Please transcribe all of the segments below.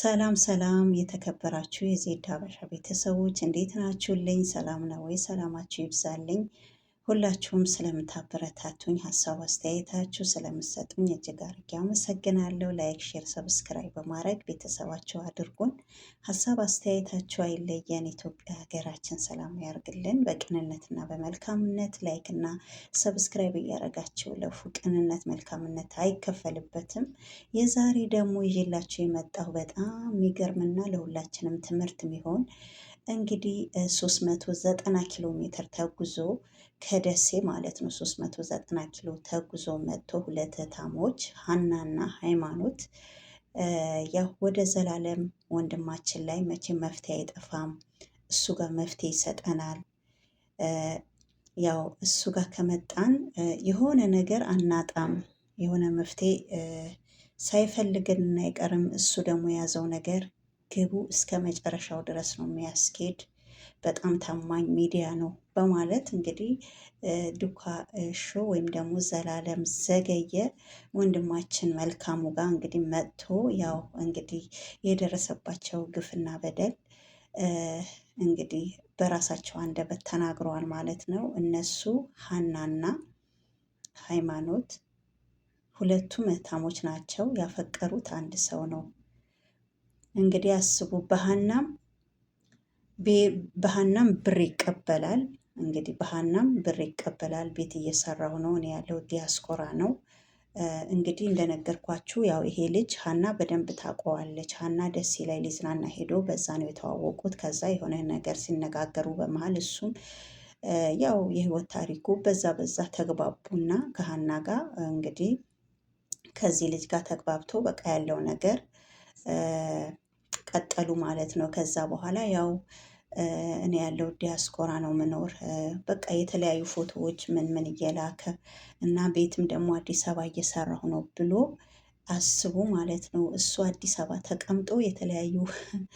ሰላም ሰላም የተከበራችሁ የዜድ ሀበሻ ቤተሰቦች እንዴት ናችሁልኝ? ሰላም ነው ወይ? ሰላማችሁ ይብዛልኝ። ሁላችሁም ስለምታበረታቱኝ ሀሳብ አስተያየታችሁ ስለምሰጡኝ እጅግ አድርጌ አመሰግናለሁ። ላይክ፣ ሼር፣ ሰብስክራይብ በማድረግ ቤተሰባችሁ አድርጉን። ሀሳብ አስተያየታችሁ አይለየን። ኢትዮጵያ ሀገራችን ሰላም ያርግልን። በቅንነትና በመልካምነት ላይክና ሰብስክራይብ እያደረጋችሁ ለፉ ቅንነት፣ መልካምነት አይከፈልበትም። የዛሬ ደግሞ ይዤላችሁ የመጣው በጣም የሚገርምና ለሁላችንም ትምህርት የሚሆን እንግዲህ 390 ኪሎ ሜትር ተጉዞ ከደሴ ማለት ነው 390 ኪሎ ተጉዞ መጥቶ ሁለት እህታሞች ሀናና ሃይማኖት ያው ወደ ዘላለም ወንድማችን ላይ መቼ መፍትሄ አይጠፋም፣ እሱ ጋር መፍትሄ ይሰጠናል። ያው እሱ ጋር ከመጣን የሆነ ነገር አናጣም፣ የሆነ መፍትሄ ሳይፈልገን አይቀርም። እሱ ደግሞ የያዘው ነገር ግቡ እስከ መጨረሻው ድረስ ነው የሚያስኬድ በጣም ታማኝ ሚዲያ ነው በማለት እንግዲህ ዱካ ሾ ወይም ደግሞ ዘላለም ዘገየ ወንድማችን መልካሙ ጋር እንግዲህ መጥቶ ያው እንግዲህ የደረሰባቸው ግፍና በደል እንግዲህ በራሳቸው አንደበት ተናግረዋል ማለት ነው። እነሱ ሀናና ሃይማኖት ሁለቱም እህታሞች ናቸው። ያፈቀሩት አንድ ሰው ነው። እንግዲህ አስቡ። በሀናም በሀናም ብር ይቀበላል። እንግዲህ በሀናም ብር ይቀበላል። ቤት እየሰራው ነው እኔ ያለው ዲያስፖራ ነው። እንግዲህ እንደነገርኳችሁ ያው ይሄ ልጅ ሀና በደንብ ታውቀዋለች። ሀና ደሴ ላይ ሊዝናና ሄዶ በዛ ነው የተዋወቁት። ከዛ የሆነ ነገር ሲነጋገሩ በመሀል እሱም ያው የህይወት ታሪኩ በዛ በዛ ተግባቡና ከሀና ጋር እንግዲህ ከዚህ ልጅ ጋር ተግባብቶ በቃ ያለው ነገር ቀጠሉ ማለት ነው። ከዛ በኋላ ያው እኔ ያለው ዲያስፖራ ነው ምኖር። በቃ የተለያዩ ፎቶዎች ምን ምን እየላከ እና ቤትም ደግሞ አዲስ አበባ እየሰራሁ ነው ብሎ አስቡ ማለት ነው። እሱ አዲስ አበባ ተቀምጦ የተለያዩ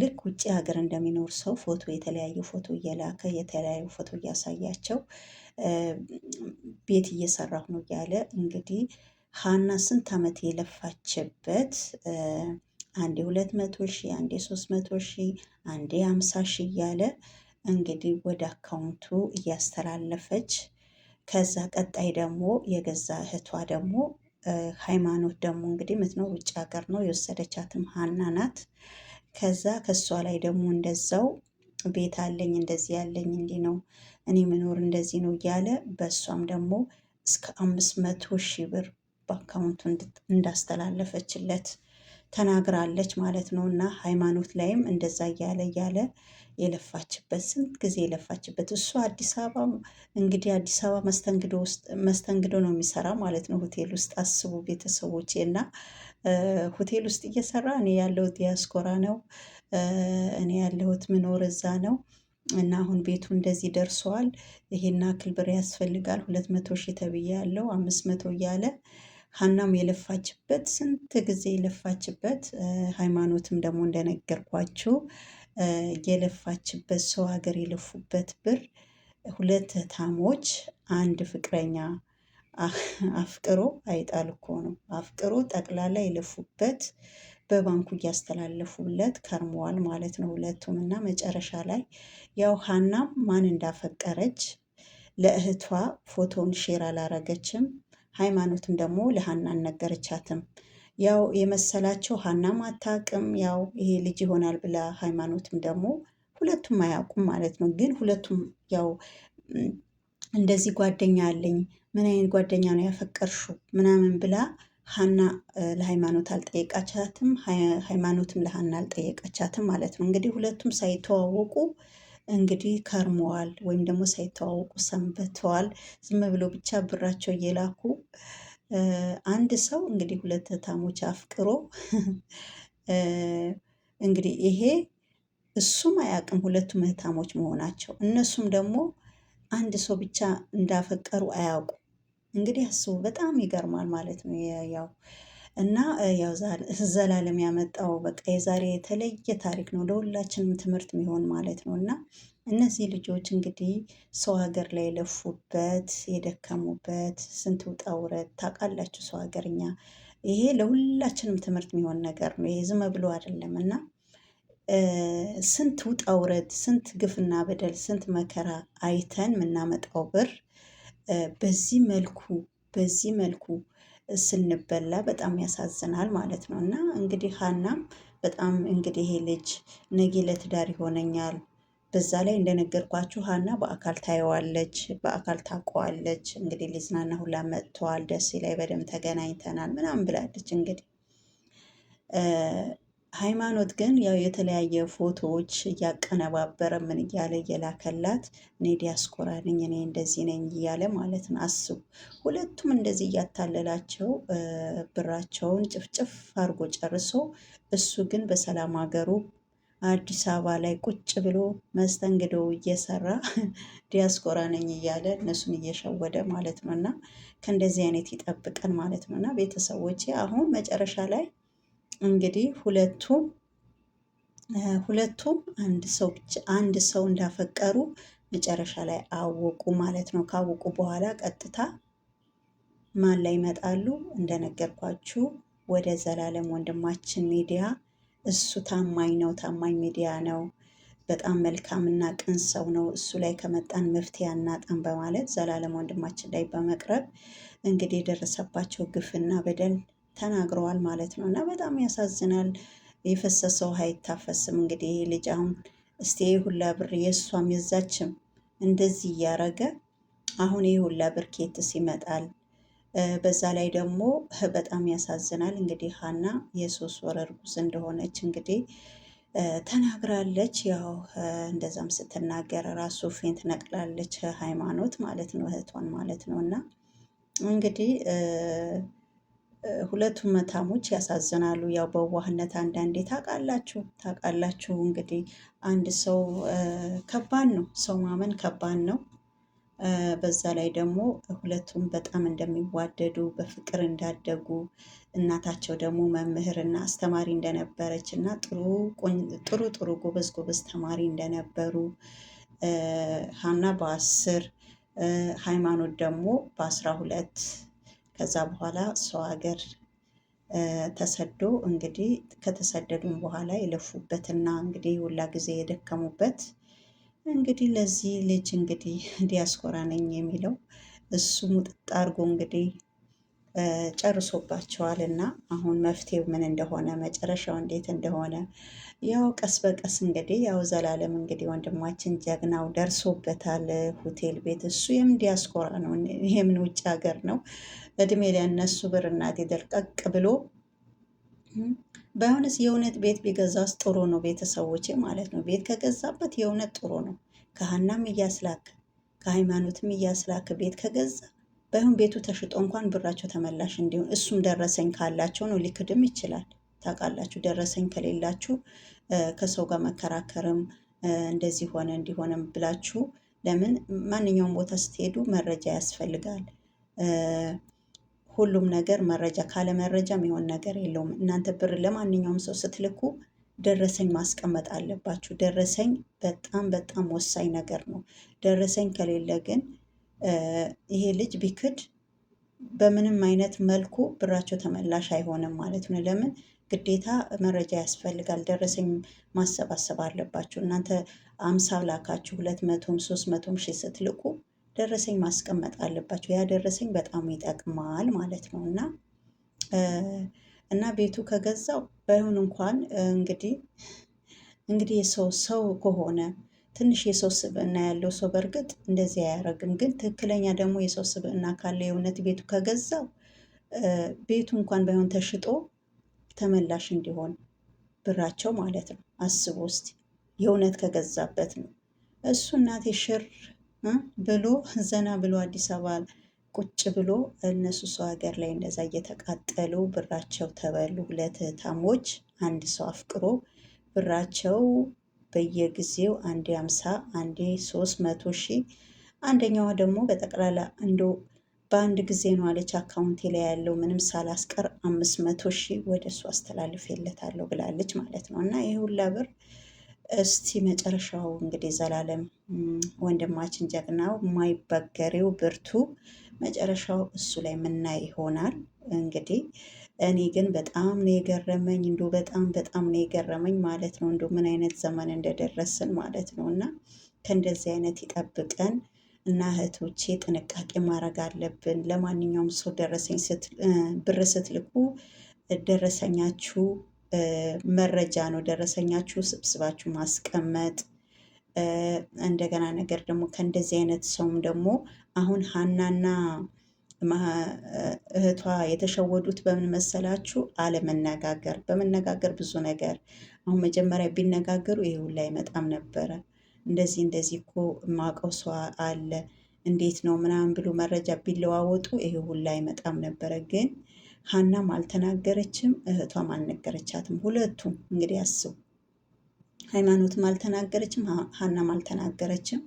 ልክ ውጭ ሀገር እንደሚኖር ሰው ፎቶ የተለያዩ ፎቶ እየላከ የተለያዩ ፎቶ እያሳያቸው ቤት እየሰራሁ ነው እያለ እንግዲህ ሀና ስንት ዓመት የለፋችበት አንዴ ሁለት መቶ ሺ አንዴ ሶስት መቶ ሺ አንዴ አምሳ ሺህ እያለ እንግዲህ ወደ አካውንቱ እያስተላለፈች ከዛ ቀጣይ ደግሞ የገዛ እህቷ ደግሞ ሃይማኖት ደግሞ እንግዲህ ምትነው ውጭ ሀገር ነው የወሰደቻትም ሀና ናት። ከዛ ከእሷ ላይ ደግሞ እንደዛው ቤት አለኝ እንደዚህ ያለኝ እንዲህ ነው እኔ ምኖር እንደዚህ ነው እያለ በእሷም ደግሞ እስከ አምስት መቶ ሺህ ብር በአካውንቱ እንዳስተላለፈችለት ተናግራለች ማለት ነው። እና ሃይማኖት ላይም እንደዛ እያለ እያለ የለፋችበት ስንት ጊዜ የለፋችበት እሱ አዲስ አበባ እንግዲህ አዲስ አበባ መስተንግዶ ውስጥ መስተንግዶ ነው የሚሰራ ማለት ነው። ሆቴል ውስጥ አስቡ ቤተሰቦቼ። እና ሆቴል ውስጥ እየሰራ እኔ ያለው ዲያስፖራ ነው። እኔ ያለሁት ምኖር እዛ ነው። እና አሁን ቤቱ እንደዚህ ደርሰዋል። ይሄና አክል ያስፈልጋል ሁለት መቶ ሺህ ተብዬ ያለው አምስት መቶ እያለ ሀናም የለፋችበት ስንት ጊዜ የለፋችበት ሃይማኖትም ደግሞ እንደነገርኳችሁ የለፋችበት ሰው ሀገር የለፉበት ብር ሁለት ታሞች አንድ ፍቅረኛ አፍቅሮ አይጣል እኮ ነው። አፍቅሮ ጠቅላላ የለፉበት በባንኩ እያስተላለፉለት ከርመዋል ማለት ነው ሁለቱም። እና መጨረሻ ላይ ያው ሀናም ማን እንዳፈቀረች ለእህቷ ፎቶውን ሼር አላረገችም። ሃይማኖትም ደግሞ ለሀና አልነገረቻትም። ያው የመሰላቸው ሀናም አታውቅም። ያው ይሄ ልጅ ይሆናል ብላ ሃይማኖትም ደግሞ ሁለቱም አያውቁም ማለት ነው። ግን ሁለቱም ያው እንደዚህ ጓደኛ አለኝ፣ ምን አይነት ጓደኛ ነው ያፈቀርሹ ምናምን ብላ ሀና ለሃይማኖት አልጠየቃቻትም፣ ሃይማኖትም ለሀና አልጠየቀቻትም ማለት ነው። እንግዲህ ሁለቱም ሳይተዋወቁ እንግዲህ ከርመዋል ወይም ደግሞ ሳይተዋወቁ ሰንብተዋል። ዝም ብሎ ብቻ ብራቸው እየላኩ አንድ ሰው እንግዲህ ሁለት እህታሞች አፍቅሮ እንግዲህ ይሄ እሱም አያውቅም ሁለቱም እህታሞች መሆናቸው እነሱም ደግሞ አንድ ሰው ብቻ እንዳፈቀሩ አያውቁ። እንግዲህ አስቡ፣ በጣም ይገርማል ማለት ነው ያው እና ያው ዘላለም ያመጣው በቃ የዛሬ የተለየ ታሪክ ነው፣ ለሁላችንም ትምህርት የሚሆን ማለት ነው እና እነዚህ ልጆች እንግዲህ ሰው ሀገር ላይ የለፉበት የደከሙበት ስንት ውጣ ውረድ ታውቃላችሁ። ሰው ሀገርኛ ይሄ ለሁላችንም ትምህርት የሚሆን ነገር ነው። ይሄ ዝም ብሎ አይደለም እና ስንት ውጣ ውረድ፣ ስንት ግፍና በደል፣ ስንት መከራ አይተን የምናመጣው ብር በዚህ መልኩ በዚህ መልኩ ስንበላ በጣም ያሳዝናል ማለት ነው። እና እንግዲህ ሀናም በጣም እንግዲህ ይሄ ልጅ ነገ ለትዳር ይሆነኛል። በዛ ላይ እንደነገርኳችሁ ሀና በአካል ታየዋለች፣ በአካል ታውቀዋለች። እንግዲህ ሊዝናና ሁላ መጥተዋል፣ ደሴ ላይ በደንብ ተገናኝተናል ምናምን ብላለች እንግዲህ ሃይማኖት ግን ያው የተለያየ ፎቶዎች እያቀነባበረ ምን እያለ እየላከላት እኔ ዲያስፖራ ነኝ እኔ እንደዚህ ነኝ እያለ ማለት ነው። አስቡ ሁለቱም እንደዚህ እያታለላቸው ብራቸውን ጭፍጭፍ አድርጎ ጨርሶ፣ እሱ ግን በሰላም ሀገሩ አዲስ አበባ ላይ ቁጭ ብሎ መስተንግዶ እየሰራ ዲያስፖራ ነኝ እያለ እነሱን እየሸወደ ማለት ነው። እና ከእንደዚህ አይነት ይጠብቀን ማለት ነው። እና ቤተሰቦቼ አሁን መጨረሻ ላይ እንግዲህ ሁለቱም ሁለቱም አንድ ሰው ብቻ አንድ ሰው እንዳፈቀሩ መጨረሻ ላይ አወቁ ማለት ነው። ካወቁ በኋላ ቀጥታ ማን ላይ ይመጣሉ? እንደነገርኳችሁ ወደ ዘላለም ወንድማችን ሚዲያ። እሱ ታማኝ ነው፣ ታማኝ ሚዲያ ነው። በጣም መልካምና ቅን ሰው ነው። እሱ ላይ ከመጣን መፍትሄ አናጣም በማለት ዘላለም ወንድማችን ላይ በመቅረብ እንግዲህ የደረሰባቸው ግፍና በደል ተናግረዋል ማለት ነው። እና በጣም ያሳዝናል። የፈሰሰው ውሃ አይታፈስም። እንግዲህ ይህ ልጅ አሁን እስቲ ሁላ ብር የእሷም የዛችም እንደዚህ እያረገ አሁን ይህ ሁላ ብር ኬትስ ይመጣል። በዛ ላይ ደግሞ በጣም ያሳዝናል። እንግዲህ ሀና የሶስት ወር እርጉዝ እንደሆነች እንግዲህ ተናግራለች። ያው እንደዛም ስትናገር ራሱ ፌን ነቅላለች፣ ሃይማኖት ማለት ነው እህቷን ማለት ነው እና እንግዲህ ሁለቱም መታሞች ያሳዝናሉ። ያው በዋህነት አንዳንዴ ታውቃላችሁ ታውቃላችሁ እንግዲህ አንድ ሰው ከባድ ነው፣ ሰው ማመን ከባድ ነው። በዛ ላይ ደግሞ ሁለቱም በጣም እንደሚዋደዱ በፍቅር እንዳደጉ እናታቸው ደግሞ መምህርና አስተማሪ እንደነበረች እና ጥሩ ጥሩ ጎበዝ ጎበዝ ተማሪ እንደነበሩ ሀና በአስር ሃይማኖት ደግሞ በአስራ ሁለት ከዛ በኋላ ሰው ሀገር ተሰዶ እንግዲህ ከተሰደዱም በኋላ የለፉበትና እንግዲህ ሁላ ጊዜ የደከሙበት እንግዲህ ለዚህ ልጅ እንግዲህ ዲያስፖራ ነኝ የሚለው እሱ ሙጥጥ አድርጎ እንግዲህ ጨርሶባቸዋል እና አሁን መፍትሄው ምን እንደሆነ መጨረሻው እንዴት እንደሆነ ያው ቀስ በቀስ እንግዲህ ያው ዘላለም እንግዲህ ወንድማችን ጀግናው ደርሶበታል። ሆቴል ቤት እሱ የምን ዲያስፖራ ነው ይሄምን ውጭ ሀገር ነው እድሜ ሊያነሱ ብር እናቴ ደርቀቅ ብሎ ባይሆንስ የእውነት ቤት ቢገዛስ ጥሩ ነው። ቤተሰቦቼ ማለት ነው ቤት ከገዛበት የእውነት ጥሩ ነው። ካህናም እያስላክ ከሃይማኖትም እያስላክ ቤት ከገዛ ባይሆን ቤቱ ተሽጦ እንኳን ብራቸው ተመላሽ እንዲሆን እሱም ደረሰኝ ካላቸው ነው። ሊክድም ይችላል። ታውቃላችሁ፣ ደረሰኝ ከሌላችሁ ከሰው ጋር መከራከርም እንደዚህ ሆነ እንዲሆነም ብላችሁ ለምን ማንኛውም ቦታ ስትሄዱ መረጃ ያስፈልጋል። ሁሉም ነገር መረጃ ካለ መረጃ የሚሆን ነገር የለውም። እናንተ ብር ለማንኛውም ሰው ስትልኩ ደረሰኝ ማስቀመጥ አለባችሁ። ደረሰኝ በጣም በጣም ወሳኝ ነገር ነው። ደረሰኝ ከሌለ ግን ይሄ ልጅ ቢክድ በምንም አይነት መልኩ ብራቸው ተመላሽ አይሆንም ማለት ነው። ለምን ግዴታ መረጃ ያስፈልጋል። ደረሰኝ ማሰባሰብ አለባችሁ። እናንተ አምሳ ላካችሁ ሁለት መቶም ሶስት መቶም ሺህ ስትልቁ ደረሰኝ ማስቀመጥ አለባችሁ። ያ ደረሰኝ በጣም ይጠቅማል ማለት ነው እና እና ቤቱ ከገዛው ባይሆን እንኳን እንግዲህ እንግዲህ ሰው ሰው ከሆነ ትንሽ የሰው ስብዕና ያለው ሰው በእርግጥ እንደዚህ አያደርግም። ግን ትክክለኛ ደግሞ የሰው ስብዕና ካለ የእውነት ቤቱ ከገዛው ቤቱ እንኳን ባይሆን ተሽጦ ተመላሽ እንዲሆን ብራቸው ማለት ነው። አስቦ ውስጥ የእውነት ከገዛበት ነው እሱ እናቴ ሽር ብሎ ዘና ብሎ አዲስ አበባ ቁጭ ብሎ እነሱ ሰው ሀገር ላይ እንደዛ እየተቃጠሉ ብራቸው ተበሉ። ሁለት ታሞች አንድ ሰው አፍቅሮ ብራቸው በየጊዜው አንዴ አምሳ አንዴ ሶስት መቶ ሺህ አንደኛዋ ደግሞ በጠቅላላ እንዶ በአንድ ጊዜ ነው አለች አካውንቴ ላይ ያለው ምንም ሳላስቀር አምስት መቶ ሺህ ወደ እሱ አስተላልፌለታለሁ ብላለች ማለት ነው። እና ይህ ሁላ ብር እስቲ መጨረሻው እንግዲህ ዘላለም ወንድማችን ጀግናው ማይበገሬው ብርቱ መጨረሻው እሱ ላይ ምናይ ይሆናል እንግዲህ እኔ ግን በጣም ነው የገረመኝ እንዶ በጣም በጣም ነው የገረመኝ ማለት ነው። እንዶ ምን አይነት ዘመን እንደደረስን ማለት ነው። እና ከእንደዚህ አይነት ይጠብቀን እና እህቶቼ ጥንቃቄ ማድረግ አለብን። ለማንኛውም ሰው ደረሰኝ ብር ስትልኩ ደረሰኛችሁ መረጃ ነው። ደረሰኛችሁ ስብስባችሁ ማስቀመጥ እንደገና ነገር ደግሞ ከእንደዚህ አይነት ሰውም ደግሞ አሁን ሀናና እህቷ የተሸወዱት በምን መሰላችሁ? አለመነጋገር። በመነጋገር ብዙ ነገር አሁን መጀመሪያ ቢነጋገሩ ይሄ ላይ አይመጣም ነበረ። እንደዚህ እንደዚህ እኮ ማውቀው ሰው አለ እንዴት ነው ምናምን ብሎ መረጃ ቢለዋወጡ ይሄ ሁሉ አይመጣም ነበረ። ግን ሀናም አልተናገረችም፣ እህቷም አልነገረቻትም። ሁለቱም እንግዲህ አስቡ። ሃይማኖትም አልተናገረችም፣ ሀናም አልተናገረችም።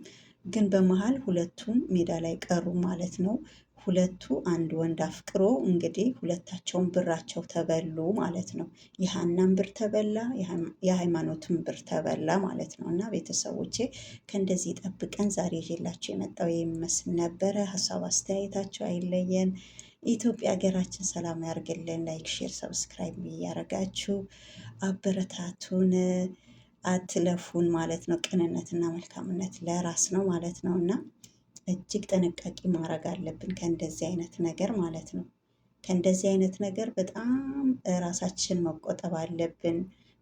ግን በመሀል ሁለቱም ሜዳ ላይ ቀሩ ማለት ነው። ሁለቱ አንድ ወንድ አፍቅሮ እንግዲህ ሁለታቸውን ብራቸው ተበሉ ማለት ነው። የሀናን ብር ተበላ፣ የሃይማኖትን ብር ተበላ ማለት ነው። እና ቤተሰቦቼ ከእንደዚህ ጠብቀን ዛሬ ይዤላችሁ የመጣው የሚመስል ነበረ። ሀሳብ አስተያየታቸው አይለየን። ኢትዮጵያ ሀገራችን ሰላም ያርግልን። ላይክ፣ ሼር፣ ሰብስክራይብ እያረጋችሁ አበረታቱን። አትለፉን ማለት ነው። ቅንነትና መልካምነት ለራስ ነው ማለት ነው እና እጅግ ጥንቃቄ ማድረግ አለብን ከእንደዚህ አይነት ነገር ማለት ነው። ከእንደዚህ አይነት ነገር በጣም ራሳችን መቆጠብ አለብን።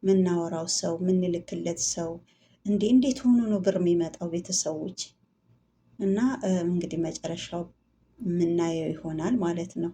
ምናወራው ሰው ምንልክለት ሰው እንዴ እንዴት ሆኖ ነው ብር የሚመጣው ቤተሰቦች? እና እንግዲህ መጨረሻው የምናየው ይሆናል ማለት ነው።